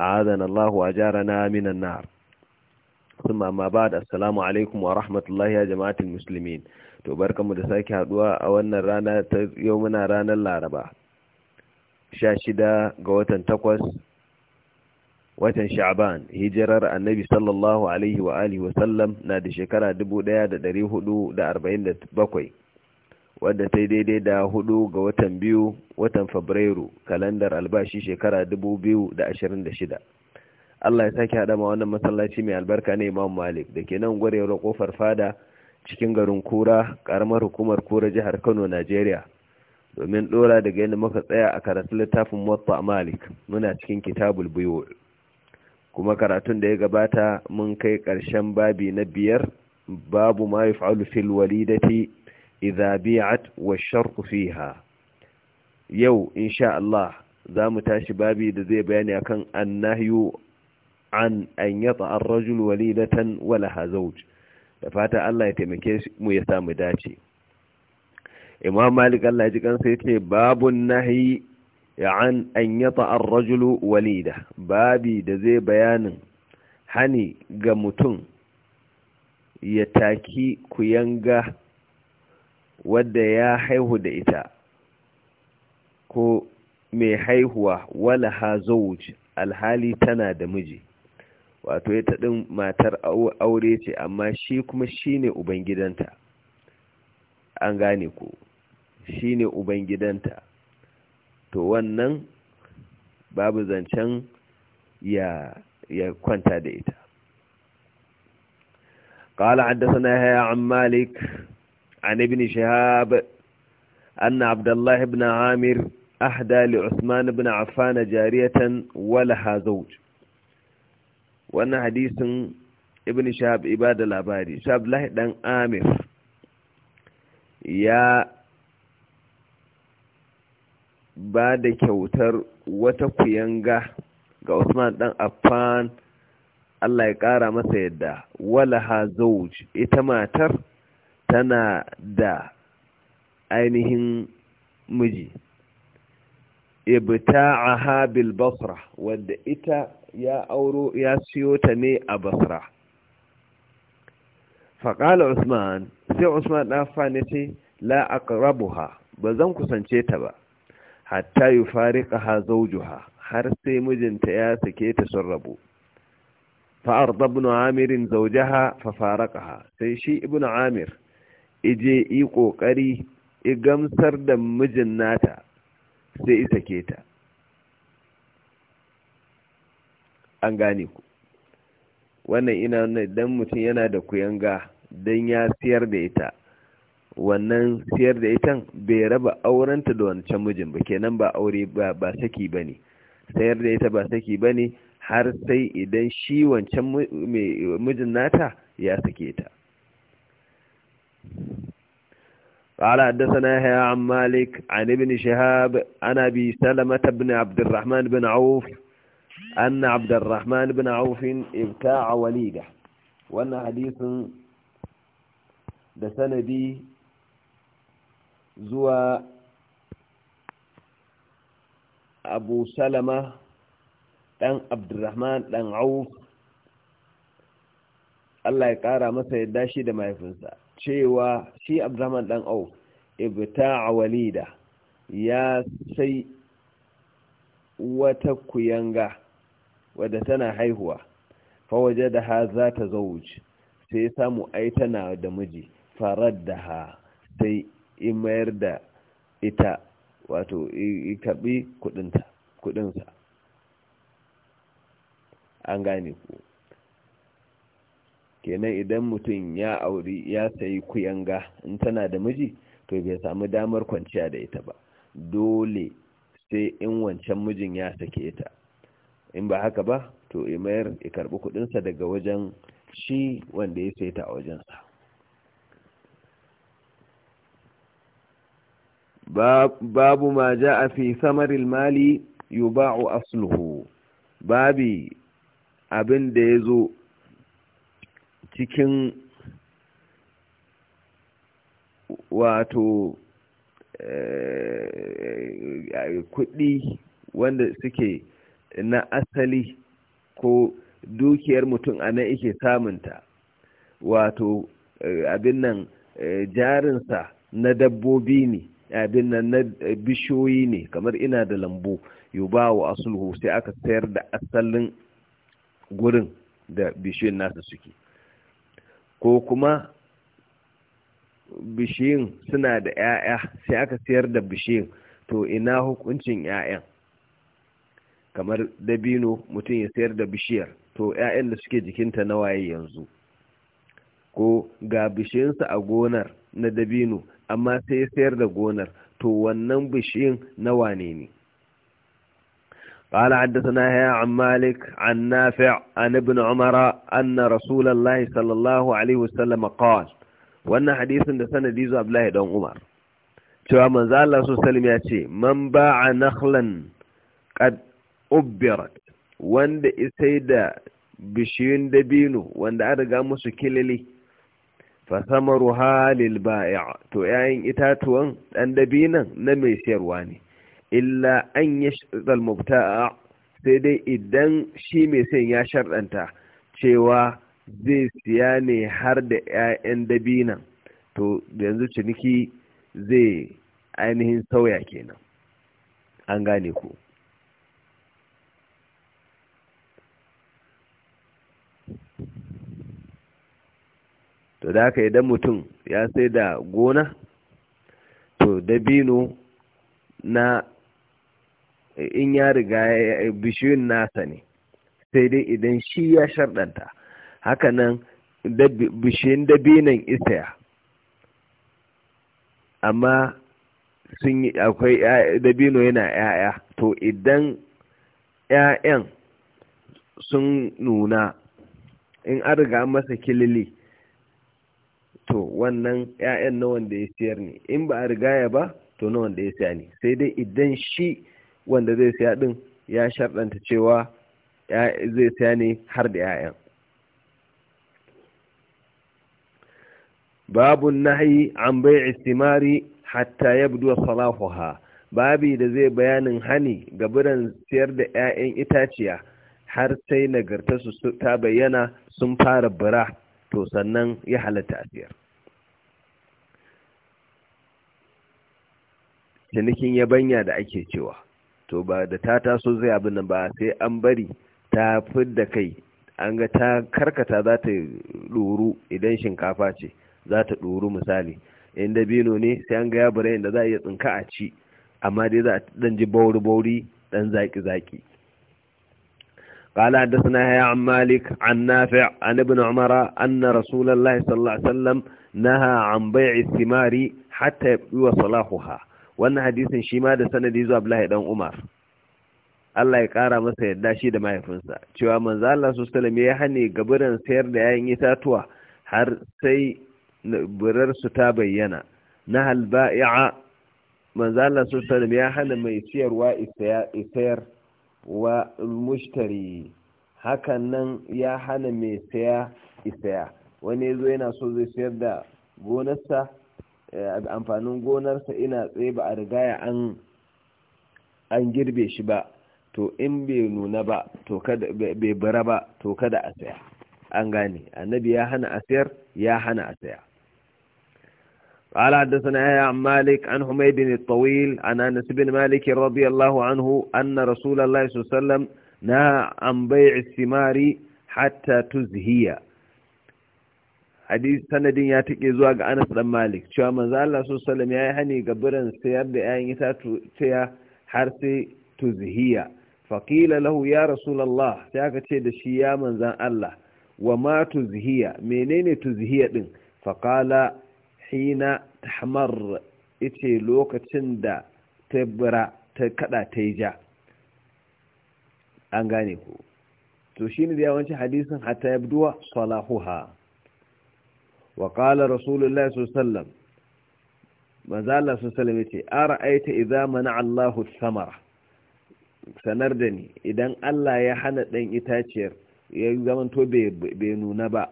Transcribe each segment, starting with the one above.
أعاذنا الله وأجارنا من النار ثم أما بعد السلام عليكم ورحمة الله يا جماعة المسلمين تبارك مدساكي هدوى أولنا رانا يومنا رانا العربة شاشدة قوة تقوس watan sha'ban hijirar annabi sallallahu alaihi wa alihi wa sallam na da shekara 1447 wadda ta yi daidai da hudu ga watan biyu watan fabrairu kalandar albashi shekara da shida. Allah ya sake hada ma wannan masallaci mai albarka ne Imam Malik da ke nan gwarewar kofar fada cikin garin Kura karamar hukumar Kura jihar Kano Najeriya domin dora daga yadda muka tsaya a karatu littafin Muwatta Malik muna cikin Kitabul Buyur kuma karatun da ya gabata mun kai karshen babi na biyar babu ma yaf'alu fil walidati idza bi'at wa shartu fiha yau insha zamu tashi babi da zai bayani akan annahyu an an yata ar-rajul walidatan wa laha zawj da fata Allah ya taimake mu ya samu dace Imam Malik Allah ya ji kansa yace babun nahyi an an yata ar-rajul walida babi da zai bayanin hani ga mutum ya taki kuyanga wadda ya haihu da ita ko mai haihuwa wala ha zauj alhali tana da miji wato ya taɗin matar aure ce amma shi kuma shi ne ubangidanta an gane ku shi ne ubangidanta to wannan babu zancen ya, ya kwanta da ita قال حدثنا هيا عن مالك عن ابن شهاب أن عبد الله بن عامر أهدى لعثمان بن عفان جارية ولها زوج وأن حديث ابن شهاب إبادة الأبادي شهاب له بن عامر يا بعد كوتر وتقينغا عثمان kuyanga عفان الله يقارى Affan ولها زوج إتماتر tana da ainihin miji ibta'aha bil basra wadda ita ya auro ya siyo ta ne a basra faƙala usman sai usman ɗafa ne ce la aqrabuha ba zan kusance ta ba hatta yufariqaha zawjuha har sai mijinta ya sake ta sun rabu fa arda ibn amir zawjaha fa faraqaha sai shi ibn amir ije yi ƙoƙari i gamsar da mijin nata sai isa keta an gane ku wannan ina idan mutum yana da kuyanga don ya siyar da ita wannan siyar da ita bai raba aurenta da wancan mijin ba kenan ba aure ba saki ba ne sayar da ita ba saki ba ne har sai idan shi wancan mijin nata ya sake ta قال حدثنا يحيى عن مالك عن ابن شهاب عن ابي سلمة بن عبد الرحمن بن عوف ان عبد الرحمن بن عوف ابتاع وليده وان حديث ده سندي زوى ابو سلمة ɗan عبد الرحمن auf عوف الله ƙara مسا يداشي shi da mahaifinsa cewa shi abdurrahman dan au ibta walida ya sai wata kuyanga wadda tana haihuwa fawaje da ha za ta zauci sai ya samu ai tana da miji farar da ha sai in mayar da ita wato karbi kudinsa an gane ku kenan idan mutum ya auri ya sayi kuyanga in tana da miji to bai samu damar kwanciya da ita ba dole sai in wancan mijin ya sake ta in ba haka ba to mayar ya karbi kudinsa daga wajen shi wanda ya sai ta a wajensa babu ma ja a fi samaril mali yuba'u asluhu babi abin da ya zo cikin wato eh, kuɗi wanda suke na asali ko dukiyar mutum a nan ike samunta wato eh, abin nan eh, jarinsa na dabbobi ne abin nan na bishiyoyi ne kamar ina da lambu yuba wa asulhu sai aka sayar da asalin gurin da bishiyoyin nasa suke ko kuma bishiyun suna da 'ya'ya sai aka sayar da bishiyin to ina hukuncin 'ya'yan kamar dabino mutum ya sayar da bishiyar to 'ya'yan da suke jikinta na waye yanzu ko ga bishiyinsa a gonar na dabino amma sai sayar da gonar to wannan bishiyun na wane ne قال حدثنا يا عن مالك عن نافع عن ابن عمر أن رسول الله صلى الله عليه وسلم قال وأن حديث دسنا ديزو عبد الله دون عمر cewa manzo Allah su salim ya ce man ba'a nakhlan qad ubbirat wanda isai da bishiyun dabino wanda an musu kilili fa samaruha lil bai'a to yayin itatuwan dan dabinan na mai sayarwa ne illa an yi ya a sai dai idan shi mai sayan ya sharɗanta cewa zai siya ne har da 'ya'yan dabinan to yanzu ciniki zai ainihin sauya kenan an gane ku to da aka idan mutum ya sai da gona to dabino na in ya riga bishiyun nasa ne sai dai idan shi ya sharɗanta hakanan bishiyun dabinan isaya amma sun yi akwai dabino yana ‘ya'ya to idan ‘ya'yan sun nuna in an riga masa kilili to wannan ‘ya'yan na wanda ya siyar ne in ba a rigaya ba to na wanda ya siya ne sai dai idan shi wanda zai saya din ya sharɗanta cewa zai saya ne har da 'ya'yan babu nahi an bai istimari hatta ya yabdu salahuha babi da zai bayanin hani ga biran siyar da 'ya'yan itaciya har sai nagarta su ta bayyana sun fara bura to sannan ya halatta a siyar cinikin yabanya da ake cewa to ba da ta taso zai abin nan ba sai an bari ta fi da kai an ga ta karkata za ta ɗoru idan shinkafa ce za ta ɗoru misali in bino ne sai an ga ya bare inda za a iya tsinka a ci amma dai za a ɗan ji bauri-bauri ɗan zaƙi-zaƙi قال حدثنا يا عن مالك عن نافع عن ابن عمر أن رسول الله صلى الله عليه وسلم نهى عن بيع الثمار حتى يبقي صلاحها wannan hadisin shi ma da sanadi zuwa Abdullahi dan Umar Allah ya kara masa yadda shi da mahaifinsa cewa manzo Allah sallallahu alaihi ya hane gaburan sayar da yayin itatuwa har sai burar su ta bayyana na bai'a manzo Allah sallallahu ya hana mai siyarwa isayar wa mushtari hakan nan ya hana mai saya isaya wani yazo yana so zai sayar da gonarsa Eh, amfanin gonarsa ina tsaye ba a rigaya an girbe shi ba to in bai nuna ba to kada bai bara ba to kada a saya an gane annabi ya hana a sayar ya hana a saya قال حدثنا يا عم مالك عن حميد الطويل عن انس بن مالك رضي الله عنه ان رسول الله صلى الله عليه وسلم نهى عن بيع الثمار حتى تزهي hadis sanadin ya take zuwa ga Anas dan Malik cewa manzo Allah sallallahu alaihi ya yi hani ga biran sayar da ita itatuwa har sai tuzhiya faqila lahu ya rasulullah sai aka ce da shi ya manzan Allah wa ma tuzhiya menene tuzhiya din faqala hina tahmar ite lokacin da tabra ta kada ta yi ja an gane ku to shine da yawancin hadisin hatta yabduwa salahuha wa qala rasulullahi sallallahu manzo Allah sallallahu yace ara'aita idza mana'a Allahu samar sanar da ni idan Allah ya hana dan itaciyar ya zamanto bai nuna ba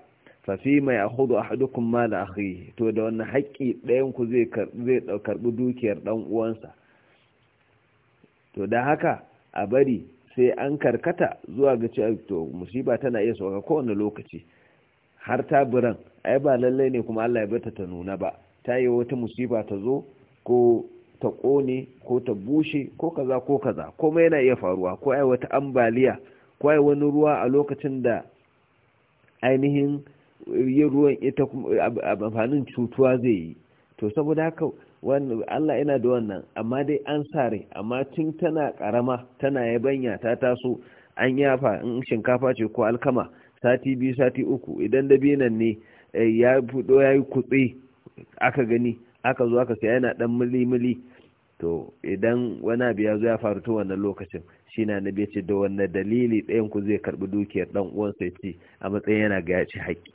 fa fi mai akhudu ahadukum mal akhihi to da haƙƙi ɗayan ku zai karbi dukiyar dan uwansa to da haka a bari sai an karkata zuwa ga cewa to musiba tana iya sauka kowane lokaci har ta biran ai ba lallai ne kuma Allah ya bata ta nuna ba ta yi wata musiba ta zo ko ta kone ko ta bushe ko kaza ko kaza kuma yana iya faruwa ko ai wata ambaliya ko ai wani ruwa a lokacin da ainihin yin ruwan ita kuma amfanin cutuwa zai yi to saboda haka Allah yana da wannan amma dai an sare amma tun tana karama tana yabanya ta taso an yafa in shinkafa ce ko alkama sati biyu sati uku idan dabinan ne Eh, ya fudo ya yi kutse aka gani aka zo aka sai yana dan mili-mili to idan wani abu ya zo ya faru ta wannan lokacin shi na na ce da wanne dalili ɗayan ku zai karɓi dukiyar ɗan uwansa ya ce a matsayin yana ga ya ci haƙƙi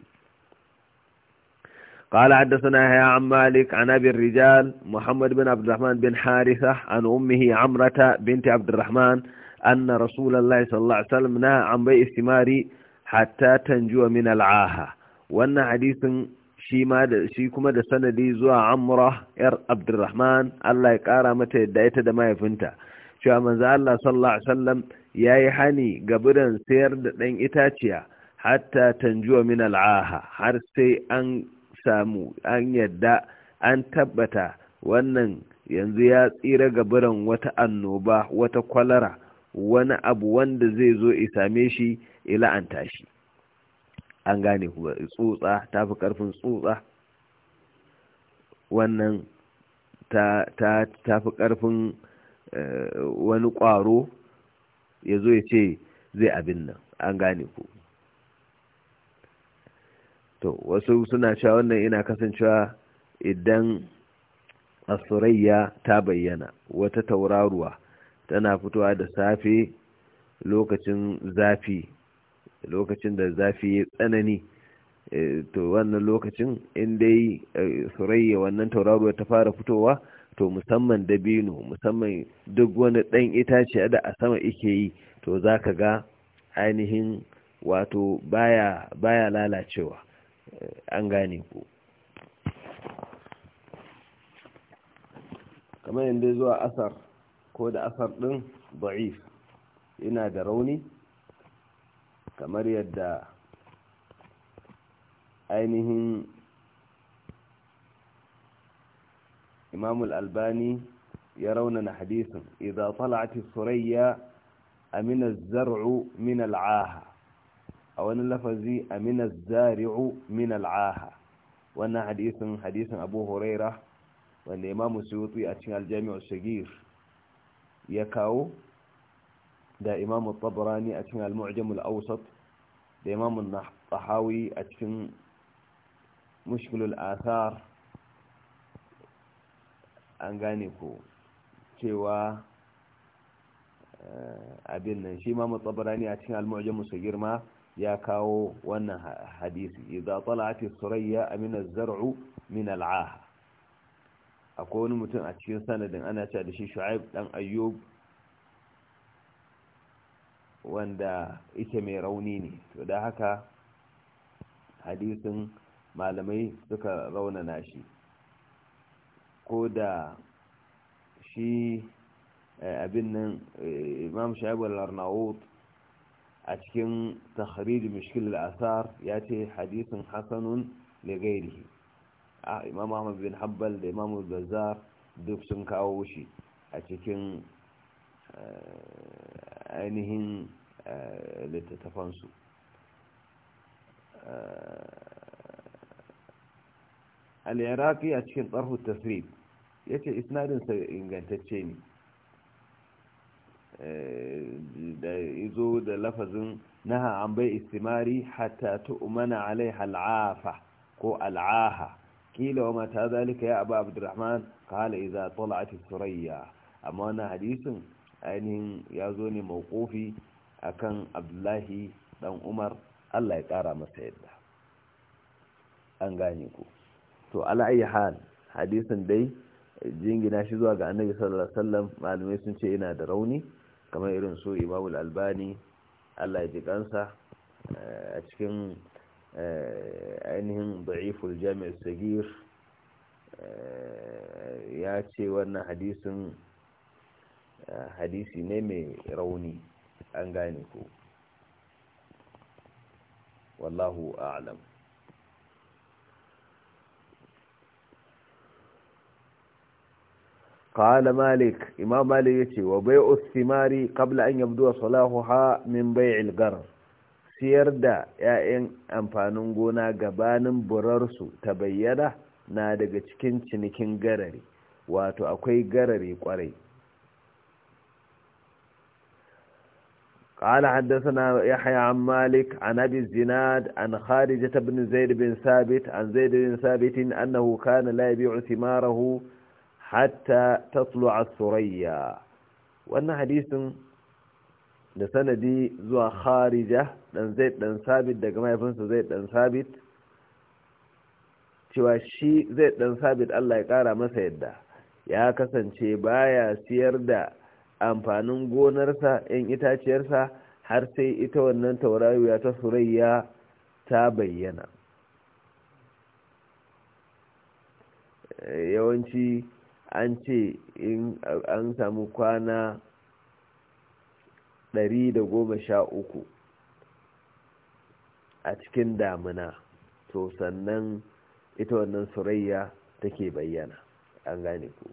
قال حدثنا يا عن مالك عن أبي الرجال محمد بن عبد الرحمن بن حارثة عن أمه عمرة بنت عبد الرحمن أن رسول الله صلى الله عليه وسلم نهى عن الثمار wannan hadisin shi ma da shi kuma da sanadi zuwa amra yar abdurrahman Allah ya kara mata yadda ita da mahaifinta cewa manzo Allah sallallahu alaihi wasallam yayi hani ga biran sayar da dan itaciya hatta tanjuwa min al'aha har sai an samu an yadda an tabbata wannan yanzu ya tsira ga biran wata annoba wata kwalara wani abu wanda zai zo same shi ila an tashi an gane tsutsa ta fi karfin tsutsa wannan ta fi karfin eh, wani ƙwaro ya zo ya ce zai abin nan an gane ku to wasu suna cewa wannan ina kasancewa idan asurayya ta bayyana wata tauraruwa tana fitowa da safe lokacin zafi lokacin da zafi ya tsanani eh, to wannan lokacin in dai eh, surayya wannan tauraro ta fara fitowa to musamman dabino musamman duk wani ɗan itace da a sama ike yi to za ka ga ainihin wato baya lalacewa eh, an gane ku kamar yadda zuwa asar ko da asar ɗin ba'i yana da rauni kamar yadda ainihin al albani ya raunana hadisin idan tala'ati surayya amina zar'u min al'aha a wani lafazi amina zari'u min al'aha wannan hadisin hadisin abu huraira wanda imam suyuti a cikin aljami'ar shagir ya kawo da imam tabarani a cikin al-mu'jam al-awsat da imam an-nahawi a cikin mushkil al-athar an gane ko cewa eh, abin nan shi imam tabarani a cikin al-mu'jam al ma ya kawo wannan hadisi idza tala'at as-surayya min az-zar'u min al-'ah akwai wani mutum a cikin sanadin ana cewa da shi shu'aib dan ayyub wanda ita mai rauni ne to da haka hadisin malamai suka raunana shi ko da shi eh, abin nan eh, imam shabu larnaut a cikin takhrij mishkil al'asar asar ya ce hadisin hasanun li a ah, imam ahmad bin Habbal da imam bazar duk sun kawo shi a cikin eh, ainihin Eh, littattafansu eh, al-iraqi a cikin tsarhu ya yace isnadinsa ingantacce ne eh, da izo da lafazin naha an bai istimari hatta tu'mana alai al'afa ko al'aha kila wa mata zalika ya abu abdurrahman qala idza tala'at surayya amma wani hadisin ainihin ya zo ne mawqufi akan abdullahi dan umar allah ya kara masa yadda an gane ku to hal hadisin dai jingina shi zuwa ga annabi sallallahu alaihi wasallam malamai sun ce yana da rauni kamar irin su imamul albani allah ya ji kansa eh, a cikin eh, ainihin da'iful jami'ar sagir eh, ya ce wannan hadisin hadisi ne mai rauni an gane ko wallahu a'lam malik imam malik yace wa bai'u الثمار qabla an يبدو salahuha min bai'il gar siyar da 'ya'yan amfanin gona gabanin burarsu ta bayyana na daga cikin cinikin garare wato akwai garare kwarai قال حدثنا يحيى عن مالك عن أبي الزناد عن خارجة بن زيد بن ثابت عن زيد بن ثابت أنه كان لا يبيع ثماره حتى تطلع الثريا وأن حديث لسندي زوى خارجة لن زيد بن ثابت دقما يفنس زيد بن ثابت cewa shi zai dan sabit Allah ya kara masa yadda ya kasance baya siyar amfanin gonarsa yan itaciyarsa har sai ita wannan taurariya ta surayya ta bayyana yawanci an ce in an samu kwana ɗari da goma sha uku a cikin damina to sannan ita wannan surayya take bayyana an gane ku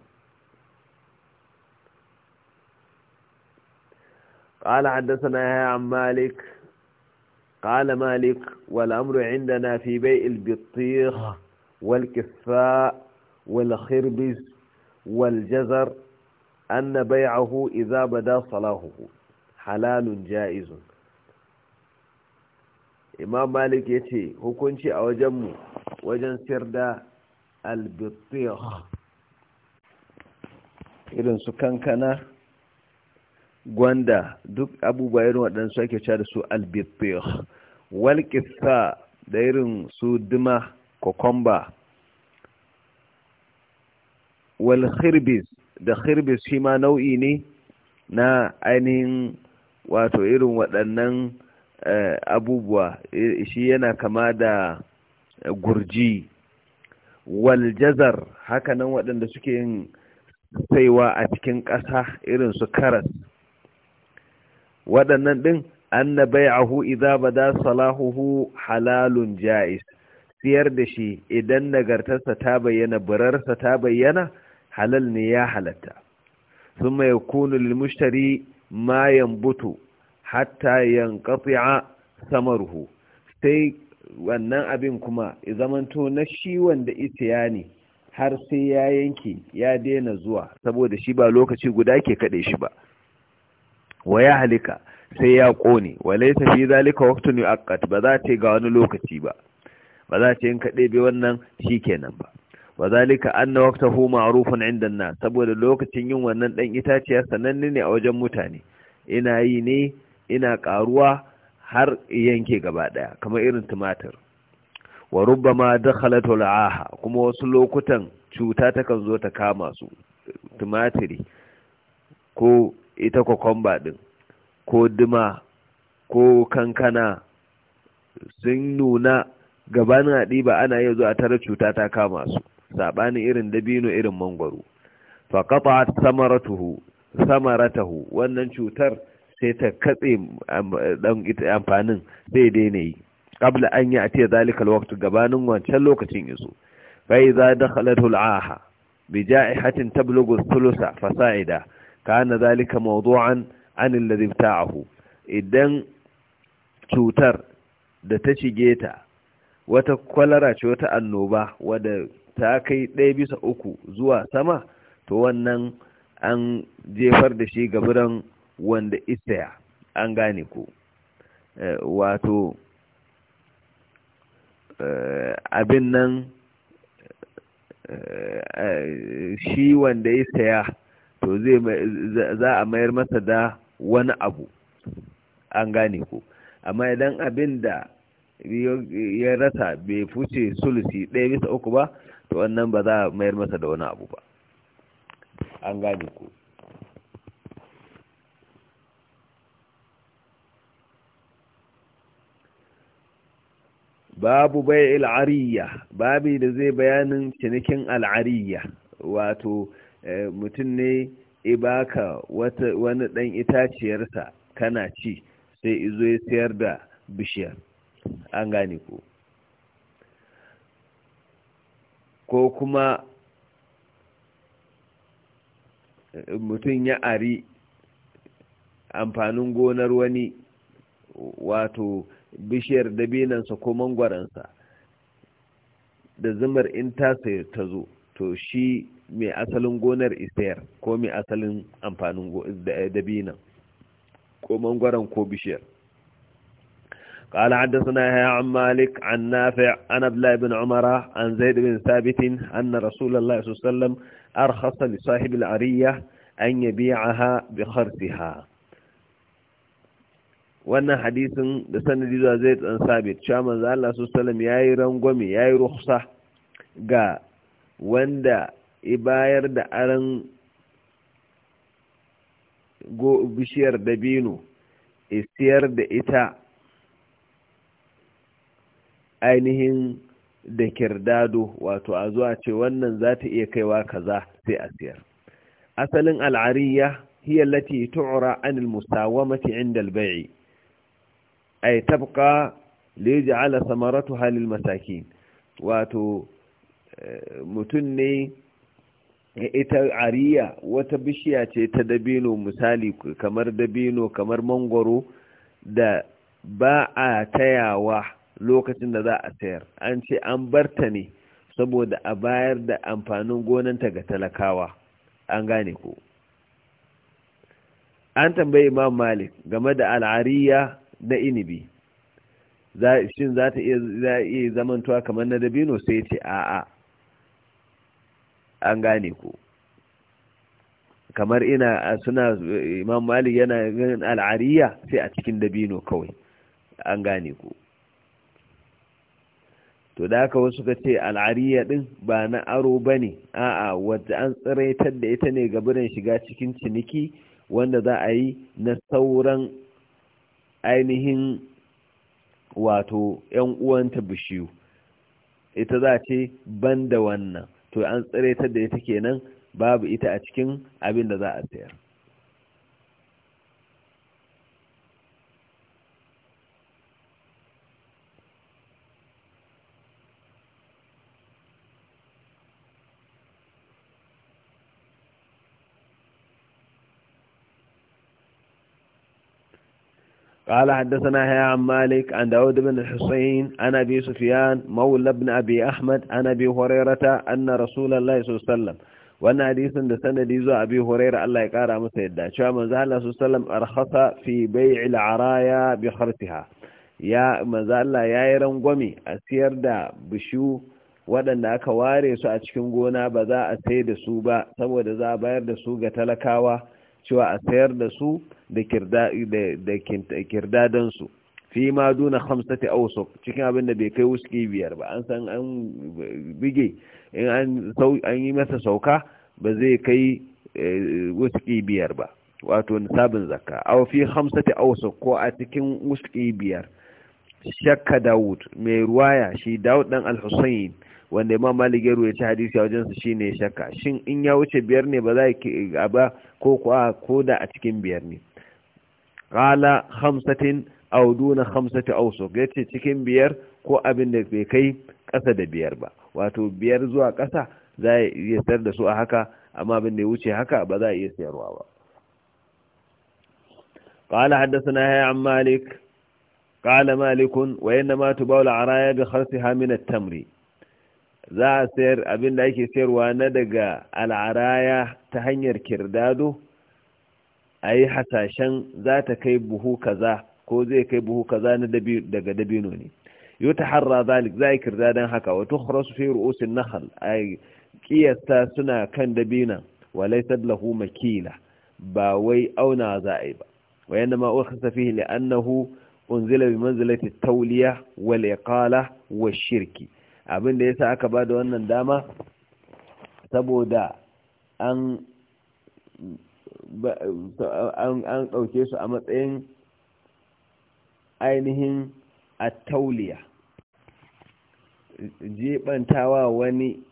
قال حدثنا عن مالك قال مالك والأمر عندنا في بيع البطيخ آه. والكفاء والخربز والجزر أن بيعه إذا بدا صلاحه حلال جائز إمام مالك يتي ce hukunci a wajenmu wajen siyar da albitiyar irin gwanda duk abubuwa irin waɗansu ake cewa da su albifir walƙisa da irin su dima kokomba walhirbis da hirbis shi ma nau'i ne na ainihin wato irin waɗannan eh, abubuwa eh, shi yana kama da eh, gurji waljazar hakanan waɗanda suke yin saiwa a cikin ƙasa irin su karas waɗannan ɗin an na bai'ahu idza bada salahuhu halalun ja'is siyar da shi idan nagartarsa ta bayyana burarsa ta bayyana halal ne ya halatta ثم يكون للمشتري ما ينبت hatta yanqati'a samaruhu sai wannan abin kuma zamanto na shi wanda isiya ne har sai ya yanke ya daina zuwa saboda shi ba lokaci guda ke kade shi ba wa ya halika sai ya ƙone wa laisa fi zalika waqtun yu'aqqat ba za ta ga wani lokaci ba ba za ta yin kaɗe bi wannan shikenan ba wa zalika anna waqtahu ma'rufun 'inda na saboda lokacin yin wannan dan itaciyar sananne ne a wajen mutane ina yi ne ina karuwa har yanke gaba daya kamar irin tumatir wa rubbama dakhalat al'aha kuma wasu lokutan cuta takan zo ta kama su tumatiri ko ita kwakwamba ɗin ko duma ko kankana sun nuna gabanin haɗiba ana iya zuwa tara cuta ta kama su saɓanin irin dabino irin mangwaro faƙaɓa samaratuhu samaratahu wannan cutar sai ta katse amfanin sai daina yi ƙabla an yi a te zalikal waktu gabanin wancan lokacin iso fa'iza da khalatul aha bi ja'ihatin tablugu thulusa fasa'ida kana zalika mawdu'an an alladhi ibta'ahu idan cutar da ta shige ta wata kwalara ce wata annoba wadda ta kai ɗaya bisa uku zuwa sama to wannan an jefar da shi gaburan wanda istaya an gane ku eh, wato eh, abin nan eh, shi wanda ya saya to za a mayar masa da wani abu an gane ko amma idan abin da ya rasa bai fuce sulusi ɗaya bisa uku ba to wannan ba za a mayar masa da wani abu ba an gane ku babu bai al'ariya babi da zai bayanin cinikin al'ariya wato Eh, mutum ne ibaka wani ɗan itaciyarsa kana ci sai izo ya sayar da bishiyar an gane ko ko kuma eh, mutum ya ari amfanin gonar wani wato bishiyar dabinansa ko mangwaransa da zumar in ta zo to shi mai asalin gonar isayar ko mai asalin amfanin dabina ko mangwaron ko bishiyar قال حدثنا يحيى عن مالك عن نافع عن عبد الله بن عمر عن زيد بن ثابت أن رسول الله صلى الله عليه وسلم أرخص لصاحب العرية أن يبيعها بخرسها wannan حديث da sanadi zuwa zai tsan sabit cewa manzo الله sallallahu alaihi wasallam yayi rangwame yayi rukhsa ga wanda i bayar da aran bishiyar dabino isiyar da ita ainihin da kirdado wato a zuwa ce wannan za ta iya kaiwa kaza sai a siyar asalin al'ariya hiya lati tu'ra an al-musawamati 'inda al-bay'i ay tabqa li ja'ala samaratuha lil masakin wato mutum ne ita ariya wata bishiya ce ta dabino misali kamar dabino kamar mangoro da ba a tayawa lokacin da za a sayar an ce an barta ne saboda a bayar da amfanin gonanta ga talakawa an gane ko an tambayi imam malik game da al'ariya na inibi shin za ta iya zamantuwa kamar na dabino sai ce a'a an gane ku kamar ina suna imam malik yana ganin al'ariya sai a cikin dabino kawai an gane ku to da haka wasu ka ce al'ariya din ba na aro ba ne a'a wadda an tsiraitar da ita ne ga birin shiga cikin ciniki wanda za a yi na sauran ainihin wato 'yan uwanta bishiyu ita za ce ban da wannan to an tsiraitar da ita kenan babu ita a cikin abin da za a sayar قال حدثنا يا عن مالك عن داود بن الحسين عن أبي سفيان مولى بن أبي أحمد عن أبي هريرة أن رسول الله صلى الله عليه وسلم وأن حديثا دسنة ديزو أبي هريرة الله يقارى مسيدة شو من ذا الله صلى الله عليه وسلم أرخص في بيع العرايا بخرتها يا من ذا الله يا إيران يرنقمي أسير دا بشو waɗanda aka ware su a cikin gona ba za a sai da su ba saboda za a bayar da su ga talakawa cewa a sayar da su da kirdadansu fi ma duna hamsati ausok cikin abin da bai kai wuski biyar ba an san an bige in an yi masa sauka ba zai kai eh, wuski biyar ba wato nisabin zakka aw fi hamsati ausok ko a cikin wuski biyar shakka dawud mai ruwaya shi dawud dan al-husayn wanda imam malik ya ruwaita hadisi a wajen su shine shakka shin in ya wuce biyar ne ba za ki ba ko kuwa ko da a cikin biyar ne qala khamsatin aw duna khamsati awsuq yace cikin biyar ko abin da bai kai ƙasa da biyar ba wato biyar zuwa kasa za a iya sayar da su a haka amma abin da ya wuce haka ba za a iya sayarwa ba قال حدثنا يا عم مالك قال مالك وإنما تباول عرايا بخرسها من التمر za a sayar abin da ake sayarwa na daga al'araya ta hanyar kirdado a yi hasashen za ta kai buhu kaza ko zai kai buhu kaza na daga dabino ne yau ta harra zalik za a kirdadon haka wato kharasu fi ru'usin nahal a kiyasta suna kan dabina walai lahu makila ba wai auna za a yi ba wayan da ma'uwa kasa fi unzila bi manzilati tauliya wal iqala wa shirki abin da yasa aka ba da wannan dama saboda an an ɗauke su a matsayin ainihin attauliya jibantawa wani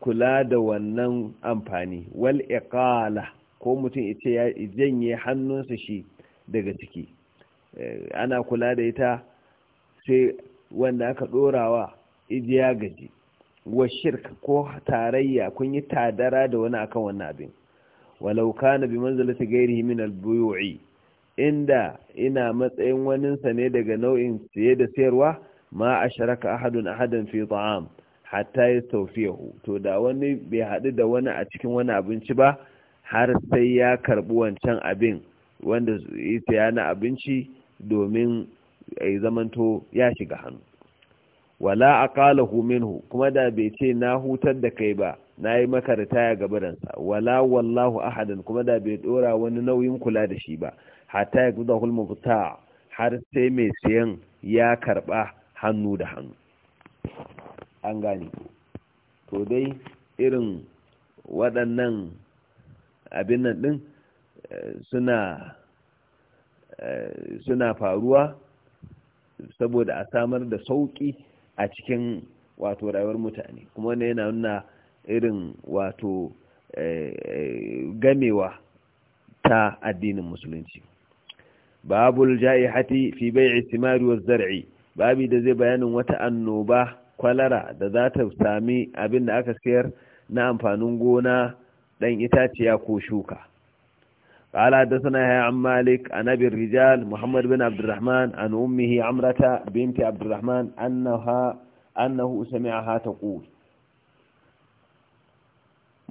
kula da wannan amfani wal iqala ko mutum ita ya janye hannunsa shi daga ciki eh, ana kula da ita sai wanda aka ɗorawa iji ya gaji wa shirk ko tarayya kun yi tadara da wani akan wannan abin walau kana bi manzalati ghairihi min al inda ina matsayin sa ne daga nau'in siye da sayarwa ma a ahadun ahadan fi ta'am hatta yastawfihu to da wani bai hadu da wani a cikin wani abinci ba har sai ya karbi wancan abin wanda ya na abinci domin ya zamanto ya shiga hannu wala akala minhu kuma da bai ce na hutar da kai ba na yi maka ritaya ga biransa wala wallahu ahadan kuma da bai dora wani nauyin kula da shi ba hatta ya guda har sai mai sayan ya karba hannu da hannu an gane to dai irin waɗannan abin nan ɗin eh, suna eh, suna faruwa saboda a samar da sauƙi a cikin wato rayuwar mutane kuma wannan yana nuna irin wato eh, eh, gamewa ta addinin musulunci babul ja'ihati fi bai'i thimari wa zar'i babi da zai bayanin wata annoba kwalara da za ta sami abin da aka sayar na amfanin gona dan itaciya ko shuka قال حدثنا عن مالك عن أبي الرجال محمد بن عبد الرحمن عن أمه عمرة بنت عبد الرحمن أنها أنه سمعها تقول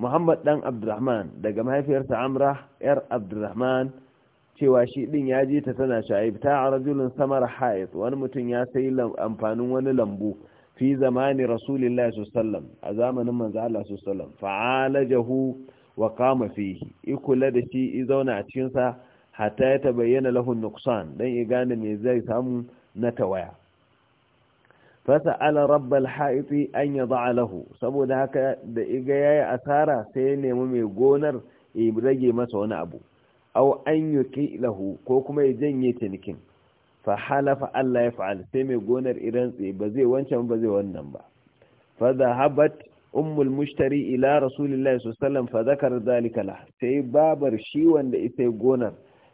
Muhammad ɗan Abdurrahman daga mahaifiyarsa Amra ‘yar Abdurrahman cewa shi ɗin ya je ta tana sha'ib ta a rajulun samar haif wani mutum ya sai amfanin wani lambu fi zamani rasulillah sallam a zamanin manzo Allah fa'alajahu wa kama fihi ikula da shi i zauna a cikinsa hatta ya tabayyana lahun nuksan don i gane me zai samu na tawaya fasa ala rabbal ha'iti an ya za'a lahu saboda haka da iga ya yi asara sai ya nemi mai gonar ya rage masa wani abu au an yi lahu ko kuma ya janye cinikin fa halafa Allah ya fa'al sai mai gonar idan tsaye ba zai wancan ba zai wannan ba fa zahabat ummul mushtari ila rasulillahi sallallahu fa zakar zalika la sai babar shi wanda ita gonar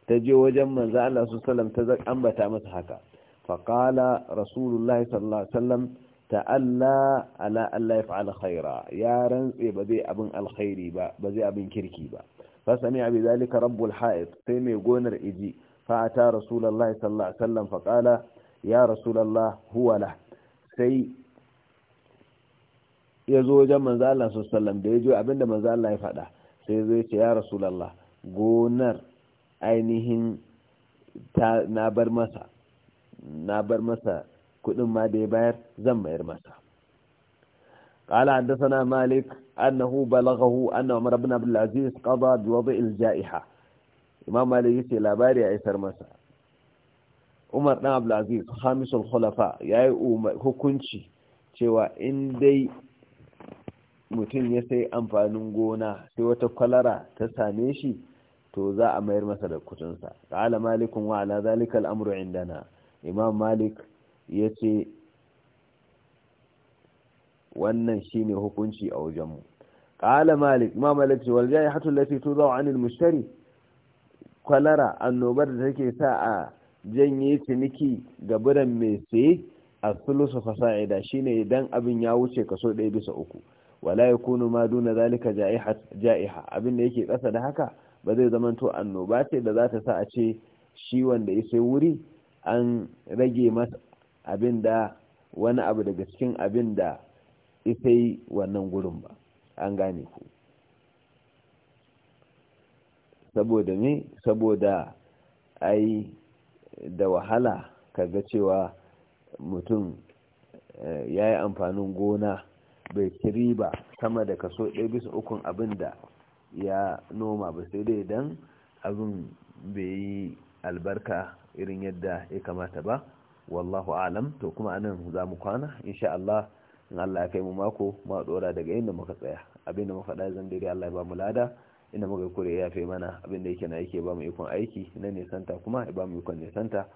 ta je wajen manzo Allah sallallahu ta ambata masa haka fa qala rasulullahi sallallahu alaihi wasallam ta'alla ala Allah khaira ya rantse ba zai abin alkhairi ba ba zai abin kirki ba fa sami'a bi zalika rabbul ha'id sai mai gonar iji fa ata rasulullahi sallallahu alaihi wasallam fa qala ya rasulullah huwa la sai ya zo wajen manzo Allah sallallahu da ya ji abinda manzo Allah ya faɗa sai zai ce ya rasulullah gonar ainihin ta na bar masa na bar masa kudin ma da ya bayar zan bayar masa قال حدثنا مالك أنه بلغه أن عمر بن عبد العزيز قضى بوضع الجائحة إمام مالك يسي لاباري عيسر مسا عمر بن عبد العزيز خامس الخلفاء hukunci cewa in dai mutum ya sai amfanin gona sai wata kwalara ta same shi to za a mayar masa da kutunsa ƙala malikun wa ala zalika al'amuru indana imam malik ya ce wannan shine hukunci a wajenmu ƙala malik ma malik ce walja ya hatu lafi tu zau anil mushtari kwalara annobar da take sa a janye ciniki ga biran mai sai a sulusu fasa'ida shine idan abin ya wuce kaso ɗaya bisa uku wala kunu ma duna zalika ja'iha abin da yake kasa da haka ba zai zamanto annoba ce da za ta sa a ce shi wanda ya sai wuri an rage masa abin wani abu daga cikin abin da ya sai wannan gurin ba an gane ku saboda ne saboda ai da wahala kaga cewa mutum eh, ya yi amfanin gona bai ci riba sama da kaso ɗaya bisa ukun abin da ya noma ba sai dai idan abin bai yi albarka irin yadda ya kamata ba wallahu alam to kuma anan za mu kwana insha Allah in Allah ya kai mu mako ma dora daga inda muka tsaya abinda muka faɗa zan dai Allah ya ba mu lada inda muka kure ya fe mana abinda yake na yake ba mu ikon aiki na nisanta kuma ya ba mu ikon nisanta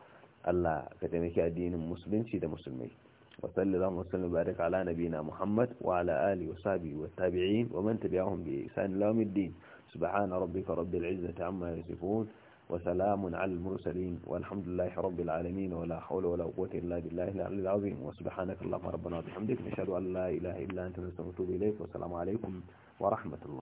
Allah ka taimaki addinin musulunci da musulmai وصلى اللهم وسلم وبارك على نبينا محمد وعلى آله وصحبه والتابعين ومن تبعهم بإحسان إلى يوم الدين سبحان ربك رب العزة عما يصفون وسلام على المرسلين والحمد لله رب العالمين ولا حول ولا قوة إلا بالله العلي العظيم وسبحانك اللهم ربنا وبحمدك نشهد أن لا إله إلا أنت نستغفرك إليك والسلام عليكم ورحمة الله